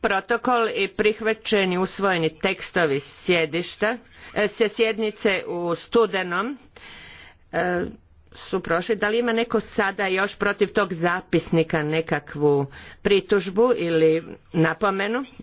protokol i prihvaćeni usvojeni tekstovi sjedišta, e, sjednice u studenom e, su prošli. Da li ima neko sada još protiv tog zapisnika nekakvu pritužbu ili napomenu?